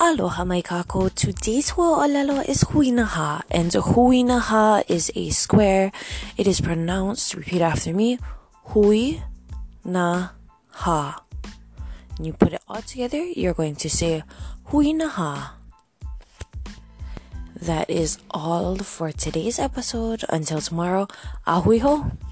Aloha my kako, today's ho'olelo is huinaha, and huinaha is a square. It is pronounced, repeat after me, hui na ha. And you put it all together, you're going to say huinaha. That is all for today's episode. Until tomorrow, ahuiho.